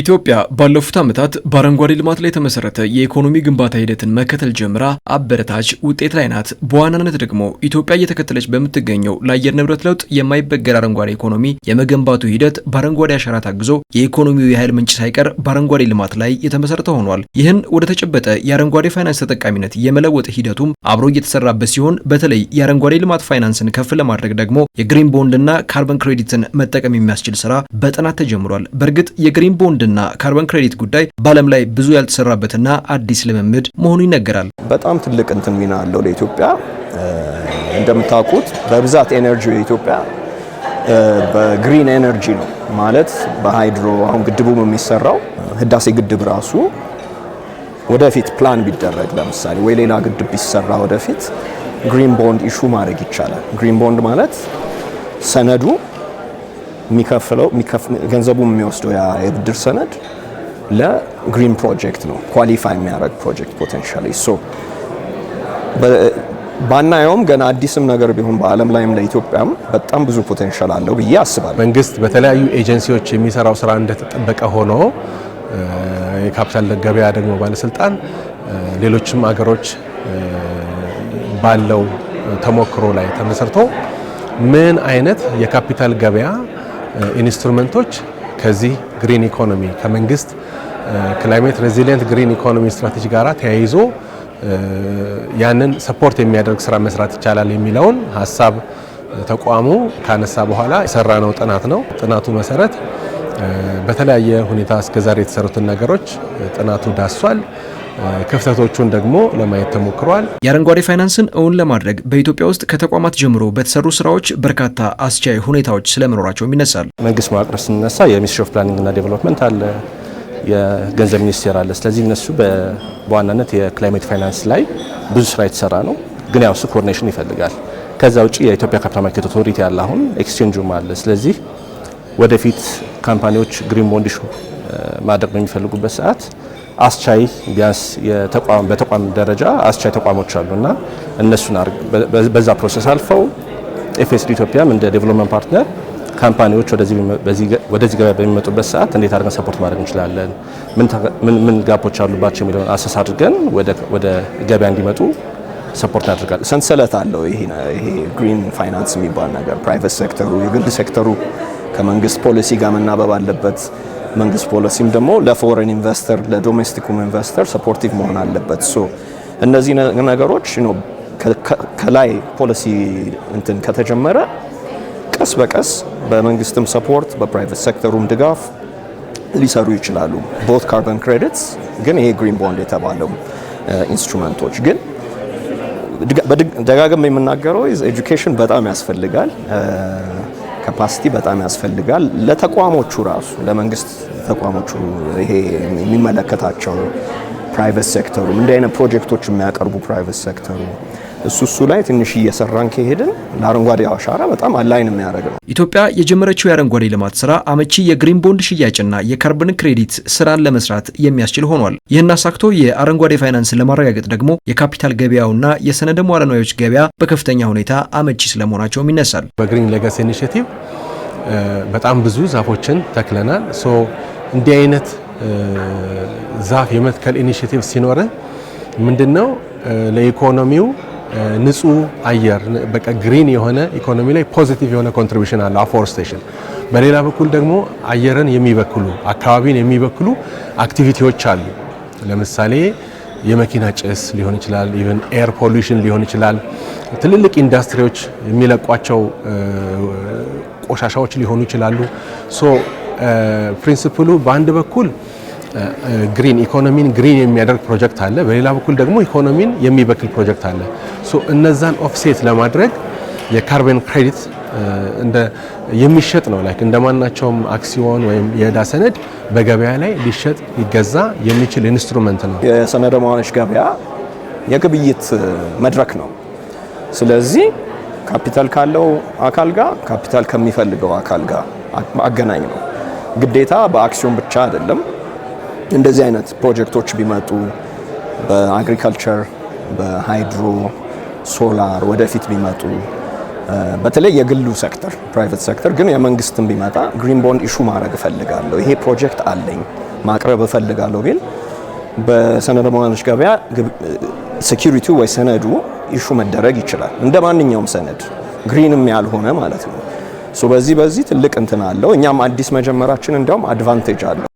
ኢትዮጵያ ባለፉት ዓመታት በአረንጓዴ ልማት ላይ የተመሰረተ የኢኮኖሚ ግንባታ ሂደትን መከተል ጀምራ አበረታች ውጤት ላይ ናት። በዋናነት ደግሞ ኢትዮጵያ እየተከተለች በምትገኘው ለአየር ንብረት ለውጥ የማይበገር አረንጓዴ ኢኮኖሚ የመገንባቱ ሂደት በአረንጓዴ አሻራ ታግዞ የኢኮኖሚው የኃይል ምንጭ ሳይቀር በአረንጓዴ ልማት ላይ የተመሰረተ ሆኗል። ይህን ወደ ተጨበጠ የአረንጓዴ ፋይናንስ ተጠቃሚነት የመለወጥ ሂደቱም አብሮ እየተሰራበት ሲሆን በተለይ የአረንጓዴ ልማት ፋይናንስን ከፍ ለማድረግ ደግሞ የግሪን ቦንድ ካርበን ክሬዲትን መጠቀም የሚያስችል ስራ በጥናት ተጀምሯል። በእርግጥ የግሪን ቦንድ ና ካርበን ክሬዲት ጉዳይ በዓለም ላይ ብዙ ያልተሰራበትና አዲስ ልምምድ መሆኑ ይነገራል። በጣም ትልቅ እንትን ሚና አለው ለኢትዮጵያ። እንደምታውቁት በብዛት ኤነርጂ የኢትዮጵያ በግሪን ኤነርጂ ነው ማለት በሃይድሮ አሁን ግድቡም የሚሰራው ህዳሴ ግድብ ራሱ ወደፊት ፕላን ቢደረግ ለምሳሌ ወይ ሌላ ግድብ ቢሰራ ወደፊት ግሪን ቦንድ ኢሹ ማድረግ ይቻላል። ግሪን ቦንድ ማለት ሰነዱ የሚከፍለው ገንዘቡም የሚወስደው ያ የብድር ሰነድ ለግሪን ፕሮጀክት ነው። ኳሊፋይ የሚያደርግ ፕሮጀክት ፖቴንሻሊ ሶ ባናየውም ገና አዲስም ነገር ቢሆን በዓለም ላይም ለኢትዮጵያም በጣም ብዙ ፖቴንሻል አለው ብዬ አስባለሁ። መንግስት በተለያዩ ኤጀንሲዎች የሚሰራው ስራ እንደተጠበቀ ሆኖ የካፒታል ገበያ ደግሞ ባለስልጣን ሌሎችም አገሮች ባለው ተሞክሮ ላይ ተመሰርቶ ምን አይነት የካፒታል ገበያ ኢንስትሩመንቶች ከዚህ ግሪን ኢኮኖሚ ከመንግስት ክላይሜት ሬዚሊየንት ግሪን ኢኮኖሚ ስትራቴጂ ጋር ተያይዞ ያንን ሰፖርት የሚያደርግ ስራ መስራት ይቻላል የሚለውን ሀሳብ ተቋሙ ካነሳ በኋላ የሰራነው ጥናት ነው። ጥናቱ መሰረት በተለያየ ሁኔታ እስከዛሬ የተሰሩትን ነገሮች ጥናቱ ዳሷል። ክፍተቶቹን ደግሞ ለማየት ተሞክሯል። የአረንጓዴ ፋይናንስን እውን ለማድረግ በኢትዮጵያ ውስጥ ከተቋማት ጀምሮ በተሰሩ ስራዎች በርካታ አስቻይ ሁኔታዎች ስለመኖራቸውም ይነሳል። መንግስት መዋቅር ስንነሳ የሚኒስትሪ ኦፍ ፕላኒንግና ዴቨሎፕመንት አለ፣ የገንዘብ ሚኒስቴር አለ። ስለዚህ እነሱ በዋናነት የክላይሜት ፋይናንስ ላይ ብዙ ስራ የተሰራ ነው፣ ግን ያው እሱ ኮኦርዲኔሽን ይፈልጋል። ከዛ ውጭ የኢትዮጵያ ካፒታል ማርኬት ኦቶሪቲ አለ፣ አሁን ኤክስቼንጁም አለ። ስለዚህ ወደፊት ካምፓኒዎች ግሪን ቦንድ ማድረግ በሚፈልጉበት ሰዓት አስቻይ ቢያንስ በተቋም ደረጃ አስቻይ ተቋሞች አሉ እና እነሱን በዛ ፕሮሰስ አልፈው ኤፍኤስዲ ኢትዮጵያም እንደ ዴቨሎፕመንት ፓርትነር ካምፓኒዎች ወደዚህ ገበያ በሚመጡበት ሰዓት እንዴት አድርገን ሰፖርት ማድረግ እንችላለን፣ ምን ጋፖች አሉባቸው የሚለውን አሰስ አድርገን ወደ ገበያ እንዲመጡ ሰፖርት እናደርጋለን። ሰንሰለት አለው ይሄ ግሪን ፋይናንስ የሚባል ነገር ፕራይቬት ሴክተሩ የግል ሴክተሩ ከመንግስት ፖሊሲ ጋር መናበብ አለበት። መንግስት ፖሊሲም ደግሞ ለፎሬን ኢንቨስተር ለዶሜስቲኩም ኢንቨስተር ሰፖርቲቭ መሆን አለበት። ሶ እነዚህ ነገሮች ከላይ ፖሊሲ እንትን ከተጀመረ ቀስ በቀስ በመንግስትም ሰፖርት በፕራይቬት ሴክተሩም ድጋፍ ሊሰሩ ይችላሉ። ቦት ካርበን ክሬዲትስ ግን ይሄ ግሪን ቦንድ የተባለው ኢንስትሩመንቶች ግን ደጋግም የምናገረው ኤጁኬሽን በጣም ያስፈልጋል። ካፓሲቲ በጣም ያስፈልጋል። ለተቋሞቹ ራሱ ለመንግስት ተቋሞቹ ይሄ የሚመለከታቸው ፕራይቬት ሴክተሩ እንዲህ አይነት ፕሮጀክቶች የሚያቀርቡ ፕራይቬት ሴክተሩ እሱ እሱ ላይ ትንሽ እየሰራን ከሄድን ለአረንጓዴ አሻራ በጣም አላይን የሚያደርግ ነው። ኢትዮጵያ የጀመረችው የአረንጓዴ ልማት ስራ አመቺ የግሪን ቦንድ ሽያጭና የካርቦን ክሬዲት ስራን ለመስራት የሚያስችል ሆኗል። ይህን አሳክቶ የአረንጓዴ ፋይናንስ ለማረጋገጥ ደግሞ የካፒታል ገበያውና የሰነደ ሙዓለንዋዮች ገበያ በከፍተኛ ሁኔታ አመቺ ስለመሆናቸውም ይነሳል። በግሪን ሌጋሲ ኢኒሽቲቭ በጣም ብዙ ዛፎችን ተክለናል። ሶ እንዲህ አይነት ዛፍ የመትከል ኢኒሽቲቭ ሲኖረ ምንድነው ለኢኮኖሚው ንጹህ አየር በቃ ግሪን የሆነ ኢኮኖሚ ላይ ፖዚቲቭ የሆነ ኮንትሪቢሽን አለው አፎርስቴሽን። በሌላ በኩል ደግሞ አየርን የሚበክሉ አካባቢን የሚበክሉ አክቲቪቲዎች አሉ። ለምሳሌ የመኪና ጭስ ሊሆን ይችላል፣ ኢቨን ኤር ፖሉሽን ሊሆን ይችላል። ትልልቅ ኢንዱስትሪዎች የሚለቋቸው ቆሻሻዎች ሊሆኑ ይችላሉ። ሶ ፕሪንስፕሉ በአንድ በኩል ግሪን ኢኮኖሚን ግሪን የሚያደርግ ፕሮጀክት አለ፣ በሌላ በኩል ደግሞ ኢኮኖሚን የሚበክል ፕሮጀክት አለ። ሶ እነዛን ኦፍሴት ለማድረግ የካርበን ክሬዲት እንደ የሚሸጥ ነው ላይክ እንደማናቸውም አክሲዮን ወይም የዳ ሰነድ በገበያ ላይ ሊሸጥ ሊገዛ የሚችል ኢንስትሩመንት ነው። የሰነደ ማዋለሽ ገበያ የግብይት መድረክ ነው። ስለዚህ ካፒታል ካለው አካል ጋር ካፒታል ከሚፈልገው አካል ጋር አገናኝ ነው። ግዴታ በአክሲዮን ብቻ አይደለም እንደዚህ አይነት ፕሮጀክቶች ቢመጡ በአግሪካልቸር በሃይድሮ ሶላር ወደፊት ቢመጡ በተለይ የግሉ ሴክተር ፕራይቬት ሴክተር ግን የመንግስትም ቢመጣ ግሪን ቦንድ ኢሹ ማድረግ እፈልጋለሁ፣ ይሄ ፕሮጀክት አለኝ ማቅረብ እፈልጋለሁ ቢል በሰነድ ማዋለች ገበያ ሴኪሪቲው ወይ ሰነዱ ኢሹ መደረግ ይችላል። እንደ ማንኛውም ሰነድ ግሪንም ያልሆነ ማለት ነው። በዚህ በዚህ ትልቅ እንትን አለው። እኛም አዲስ መጀመራችን እንዲያውም አድቫንቴጅ አለው።